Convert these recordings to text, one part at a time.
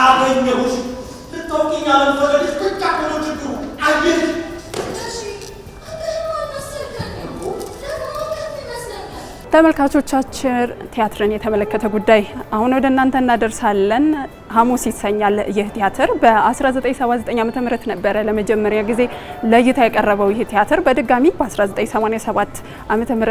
አገኘሁሽ ልታውቂኝ አለመፈለግሽ ብቻ ሆነ ተመልካቾቻችን ቲያትርን የተመለከተ ጉዳይ አሁን ወደ እናንተ እናደርሳለን። ሐሙስ ይሰኛል። ይህ ቲያትር በ1979 ዓ ም ነበረ ለመጀመሪያ ጊዜ ለእይታ የቀረበው። ይህ ቲያትር በድጋሚ በ1987 ዓ ም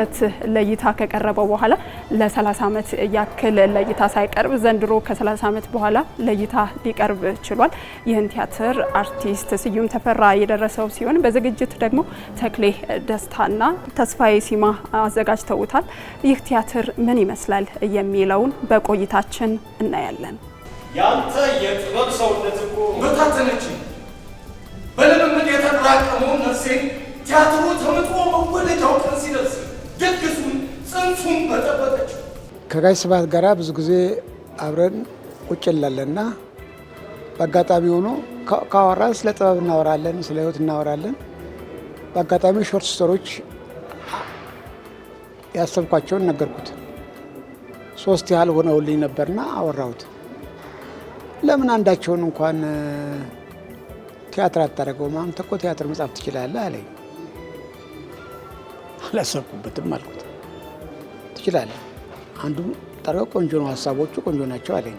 ለእይታ ከቀረበው በኋላ ለ30 ዓመት ያክል ለእይታ ሳይቀርብ ዘንድሮ ከ30 ዓመት በኋላ ለእይታ ሊቀርብ ችሏል። ይህን ቲያትር አርቲስት ስዩም ተፈራ የደረሰው ሲሆን በዝግጅት ደግሞ ተክሌ ደስታና ተስፋዬ ሲማ አዘጋጅተውታል። ይህ ቲያትር ምን ይመስላል የሚለውን በቆይታችን እናያለን። ያንተ የጥበብ ሰውነት እኮ ነች። በልምምድ የተጠራቀመው ነፍሴን ቲያትሩ ተምጦ መወደጃው ቀን ሲደርስ ድግሱን ጽንሱን መጠበቀችው። ከጋሽ ስብሐት ጋራ ብዙ ጊዜ አብረን ቁጭ እንላለንና በአጋጣሚ ሆኖ ካወራን ስለ ጥበብ እናወራለን፣ ስለ ህይወት እናወራለን። በአጋጣሚ ሾርት ስቶሪዎች ያሰብኳቸውን ነገርኩት። ሶስት ያህል ሆነውልኝ ነበርና አወራሁት። ለምን አንዳቸውን እንኳን ቲያትር አታደርገውም? አንተ እኮ ቲያትር መጻፍ ትችላለህ አለኝ። አላሰብኩበትም አልኩት። ትችላለህ፣ አንዱ ጠረው ቆንጆ ነው፣ ሀሳቦቹ ቆንጆ ናቸው አለኝ።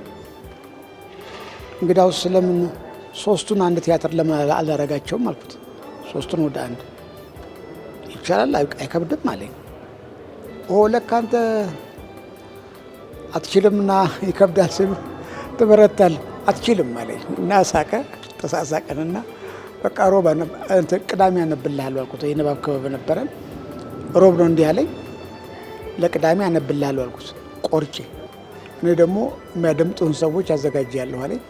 እንግዳውስ ስለምን ሶስቱን አንድ ቲያትር ለምን አላረጋቸውም አልኩት። ሶስቱን ወደ አንድ ይቻላል፣ አይከብድም አለኝ። ለካ አንተ አትችልምና ይከብዳል ስል ትበረታል አትችልም አለኝ እና ሳቀ። ተሳሳቀንና በቃ ሮብ ቅዳሜ አነብልሃለሁ አልኩት። የንባብ ክበብ ነበረን። ሮብ ነው እንዲህ አለኝ። ለቅዳሜ አነብልሃለሁ አልኩት ቆርጬ። እኔ ደግሞ የሚያደምጡህን ሰዎች አዘጋጃለሁ አለኝ።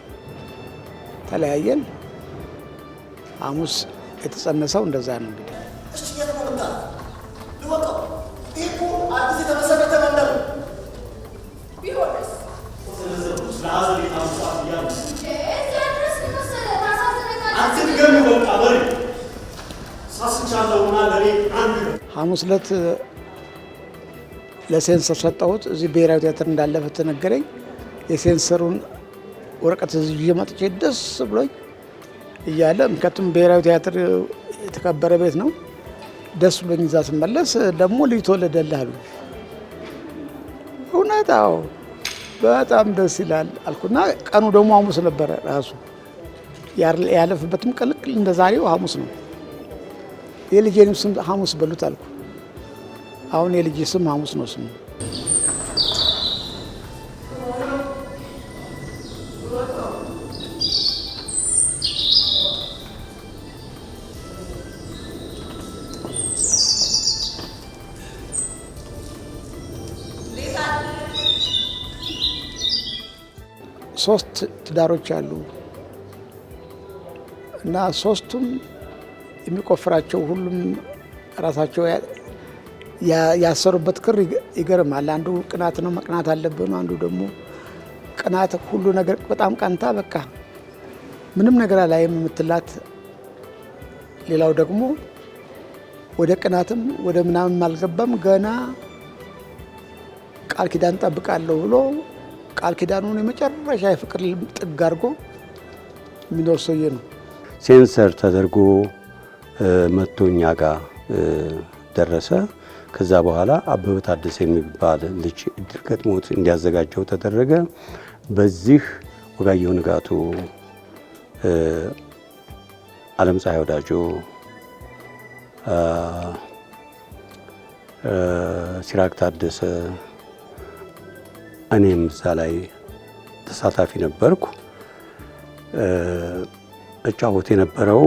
ተለያየን። ሐሙስ የተጸነሰው እንደዛ ነው እንግዲህ የሚገርም በቃ በሬ ሳስቻለውና አንድ ነው። ሐሙስ ዕለት ለሴንሰር ሰጠሁት። እዚህ ብሔራዊ ቲያትር እንዳለፈ ተነገረኝ። የሴንሰሩን ወረቀት ይዤ መጥቼ ደስ ብሎኝ እያለ ምክንያቱም ብሔራዊ ቲያትር የተከበረ ቤት ነው። ደስ ብሎኝ እዛ ስመለስ ደግሞ ልጅ ተወለደልህ አሉ። እውነት? አዎ፣ በጣም ደስ ይላል አልኩና ቀኑ ደግሞ ሐሙስ ነበረ ራሱ ያለፍበትም ቀን እንደ ዛሬው ሐሙስ ነው። የልጄንም ስም ሐሙስ በሉት አልኩ። አሁን የልጅ ስም ሐሙስ ነው ስሙ። ሶስት ትዳሮች አሉ። እና ሶስቱም የሚቆፍራቸው ሁሉም ራሳቸው ያሰሩበት ክር ይገርማል። አንዱ ቅናት ነው፣ መቅናት አለብን። አንዱ ደግሞ ቅናት ሁሉ ነገር በጣም ቀንታ በቃ ምንም ነገር አላይም የምትላት፣ ሌላው ደግሞ ወደ ቅናትም ወደ ምናምን አልገባም ገና ቃል ኪዳን ጠብቃለሁ ብሎ ቃል ኪዳኑን የመጨረሻ የፍቅር ጥግ አድርጎ የሚኖር ሰውዬ ነው። ሴንሰር ተደርጎ መጥቶ እኛ ጋር ደረሰ። ከዛ በኋላ አበበ ታደሰ የሚባል ልጅ እድል ገጥሞት እንዲያዘጋጀው ተደረገ። በዚህ ወጋየሁ ንጋቱ፣ አለም ፀሐይ ወዳጆ፣ ሲራክ ታደሰ እኔም እዛ ላይ ተሳታፊ ነበርኩ። እጫወት የነበረው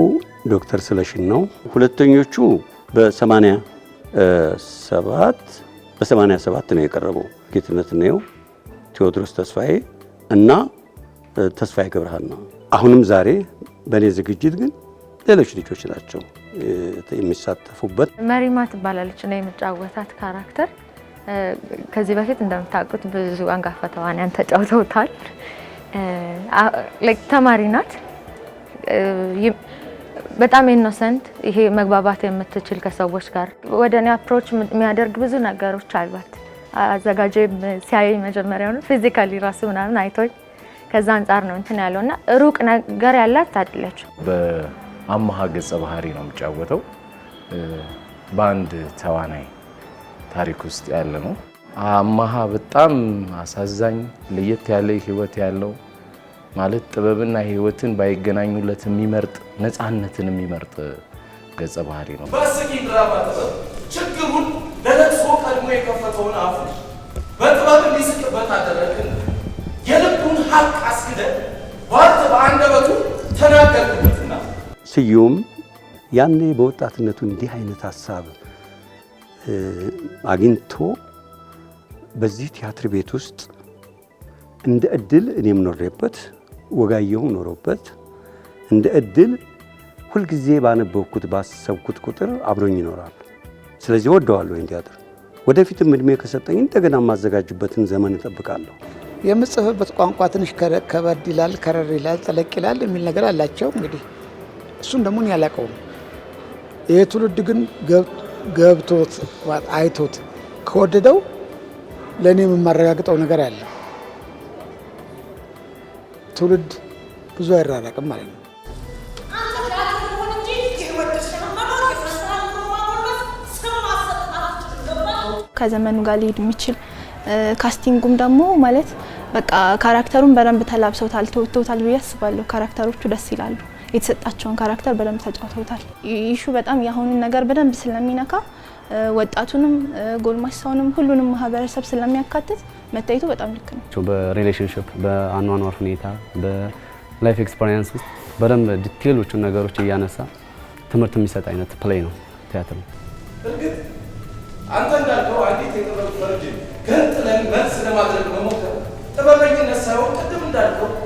ዶክተር ስለሽን ነው። ሁለተኞቹ በሰማንያ ሰባት ነው የቀረበው ጌትነት ነው ቴዎድሮስ ተስፋዬ እና ተስፋዬ ነው። አሁንም ዛሬ በእኔ ዝግጅት ግን ሌሎች ልጆች ናቸው የሚሳተፉበት። መሪማ ትባላለች እና የምጫወታት ካራክተር ከዚህ በፊት እንደምታውቁት ብዙ አንጋፋ ተዋንያን ተጫውተውታል። ተማሪ ናት። በጣም ኢኖሰንት ይሄ መግባባት የምትችል ከሰዎች ጋር ወደ እኔ አፕሮች የሚያደርግ ብዙ ነገሮች አሏት። አዘጋጀ ሲያየኝ መጀመሪያ ሆነ ፊዚካሊ ራሱ ምናምን አይቶኝ ከዛ አንጻር ነው እንትን ያለው እና ሩቅ ነገር ያላት አይደለችም። በአማሃ ገጸ ባህሪ ነው የሚጫወተው። በአንድ ተዋናይ ታሪክ ውስጥ ያለ ነው። አማሃ በጣም አሳዛኝ ለየት ያለ ህይወት ያለው ማለት ጥበብና ህይወትን ባይገናኙለት የሚመርጥ ነፃነትን የሚመርጥ ገጸ ባህሪ ነው። በአስቂኝ ድራማ ጥበብ ችግሩን ለለቅሶ ቀድሞ የከፈተውን አፉ በጥበብ እንዲስቅበት አደረግን። የልቡን ሀቅ አስክደ ዋት በአንደበቱ ተናገርኩበትና ስዩም ያኔ በወጣትነቱ እንዲህ አይነት ሀሳብ አግኝቶ በዚህ ቲያትር ቤት ውስጥ እንደ እድል እኔም ኖሬበት ወጋየሁ ኖሮበት እንደ እድል ሁልጊዜ ባነበብኩት ባሰብኩት ቁጥር አብሮኝ ይኖራል። ስለዚህ ወደዋለሁ ይህን ቲያትር። ወደፊትም እድሜ ከሰጠኝ እንደገና የማዘጋጅበትን ዘመን እጠብቃለሁ። የምጽፍበት ቋንቋ ትንሽ ከበድ ይላል፣ ከረር ይላል፣ ጠለቅ ይላል የሚል ነገር አላቸው። እንግዲህ እሱን ደግሞ ያላቀው ይህ ትውልድ ግን ገብቶት አይቶት ከወደደው ለእኔ የማረጋግጠው ነገር አለ። ትውልድ ብዙ አይራራቅም ማለት ነው። ከዘመኑ ጋር ሊሄድ የሚችል ካስቲንጉም ደግሞ ማለት በቃ ካራክተሩን በደንብ ተላብሰውታል፣ ተወጥተውታል ብዬ አስባለሁ። ካራክተሮቹ ደስ ይላሉ። የተሰጣቸውን ካራክተር በደንብ ተጫውተውታል። ይሹ በጣም የአሁኑን ነገር በደንብ ስለሚነካ ወጣቱንም ጎልማሳውንም ሁሉንም ማህበረሰብ ስለሚያካትት መታየቱ በጣም ልክ ነው። በሪሌሽንሽፕ በአኗኗር ሁኔታ በላይፍ ኤክስፐሪንስ ውስጥ በደንብ ዲቴሎቹን ነገሮች እያነሳ ትምህርት የሚሰጥ አይነት ፕሌይ ነው ቲያትር ነው። እርግጥ አንተ እንዳልከው አንዲት የጥበብ ፈርጅ ግን መልስ ለማድረግ መሞከር ጥበበኝነት ሳይሆን ቅድም እንዳልከው